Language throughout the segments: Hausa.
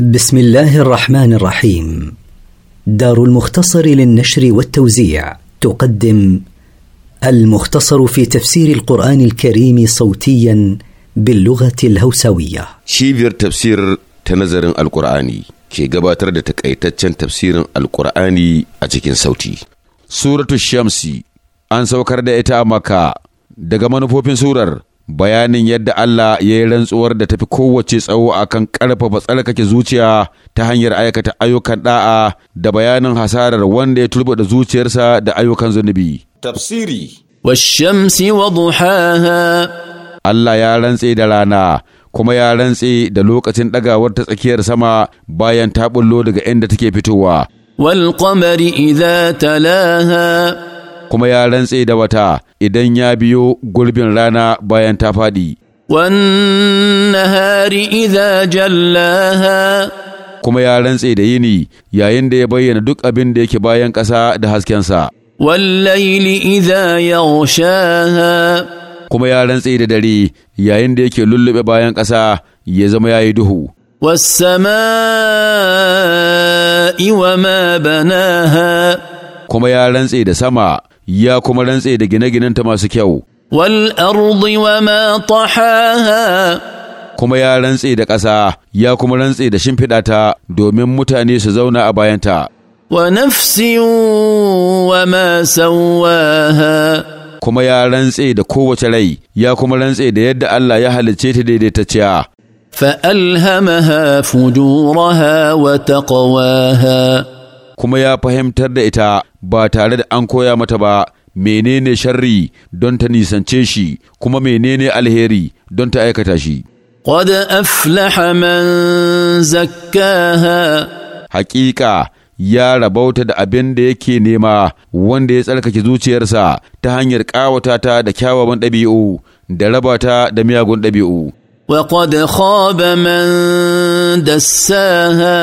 بسم الله الرحمن الرحيم دار المختصر للنشر والتوزيع تقدم المختصر في تفسير القرآن الكريم صوتيا باللغة الهوسوية شيفير تفسير تنظر القرآني كي قباتر تكأيتتشن تفسير القرآني أجيكين صوتي سورة الشمس أنسو كرد دا دقمان فوبين سورر bayanin yadda Allah ya yi rantsuwar da tafi kowace tsawo a akan ƙarfafa tsarkake zuciya ta hanyar aikata ayyukan ɗa'a da bayanin hasarar wanda ya da zuciyarsa da ayyukan zunubi. Tafsiri Washamsi wa duhaha Allah ya rantse da rana kuma ya rantse da lokacin ɗagawar ta tsakiyar sama bayan ta bullo daga inda take fitowa. Wal qamari idza talaha kuma ya rantse da wata idan ya biyo gurbin rana bayan ta faɗi. والنهار إذا ha? kuma ya rantse da yini yayin da ya bayyana duk abin da yake bayan ƙasa da haskensa. Wallaili idha ha? kuma ya rantse da dare yayin da yake lullube bayan ƙasa ya zama ya yi duhu. was ma banaha kuma ya rantse da sama ya kuma rantse da gine ginen ta masu kyau wal ardi wa ma tahaha kuma ya rantse da ƙasa ya kuma rantse da shimfiɗa ta domin mutane su zauna a bayanta wa nafsin wa ma sawaha kuma ya rantse da kowace rai ya kuma rantse da yadda Allah ya halicce ta daidaitacciya. fujuraha wa وتقواها kuma ya fahimtar da ita ba tare da an koya mata ba menene sharri don ta nisance shi kuma menene alheri don ta aikata shi. Qad aflaha man zakkaha Hakika ya rabauta da abin da yake nema wanda ya tsarkake zuciyarsa ta hanyar ƙawata ta da kyawawan ɗabi'u da raba ta da miyagun ɗabi'u. Wa qad khaba man dassaha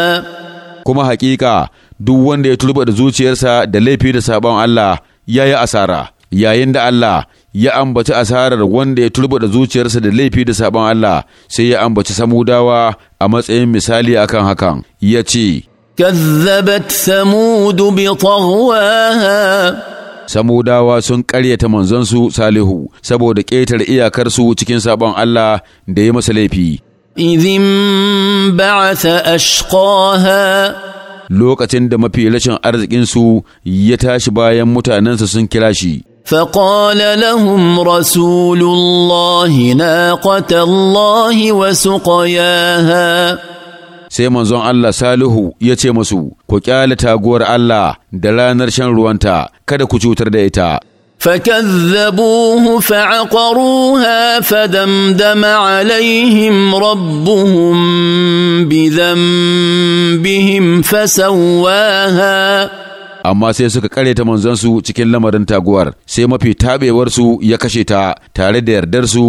kuma hakika duk wanda ya turba da zuciyarsa da laifi da sabon Allah ya yi asara yayin da Allah ya ambaci asarar wanda ya turba da zuciyarsa da laifi da sabon Allah sai ya ambaci samudawa a matsayin misali akan hakan ya ce كذبت ثمود بطغواها Samudawa sun ƙaryata manzansu Salihu saboda ƙetare iyakarsu cikin sabon Allah da ya masa laifi. إذ انبعث أشقاها lokacin da mafi rashin arzikinsu ya tashi bayan mutanensa sun kira shi. فقال لهم رسول الله ناقة الله وسقياها sai manzon Allah Salihu ya ce masu, Ku ƙyale taguwar Allah da ranar shan ruwanta, kada ku cutar da ita. فكذبوه فعقروها فدمدم عليهم ربهم بذنبهم فسواها amma sai suka karyata manzansu cikin lamarin taguwar sai mafi tabewarsu ya kashe ta tare da yardar su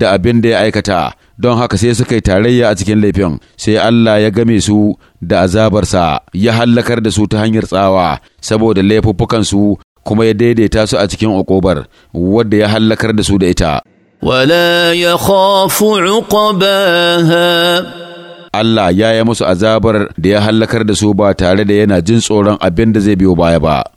da abin da ya aikata don haka sai suka yi tarayya a cikin laifin sai Allah ya game su da azabarsa ya hallakar da su ta hanyar tsawa saboda su. kuma ya daidaita su a cikin okobar wadda ya hallakar da su da ita. Wala ya khafu ha. Allah ya yi musu azabar da ya hallakar da su ba tare da yana jin tsoron abin da zai biyo baya ba.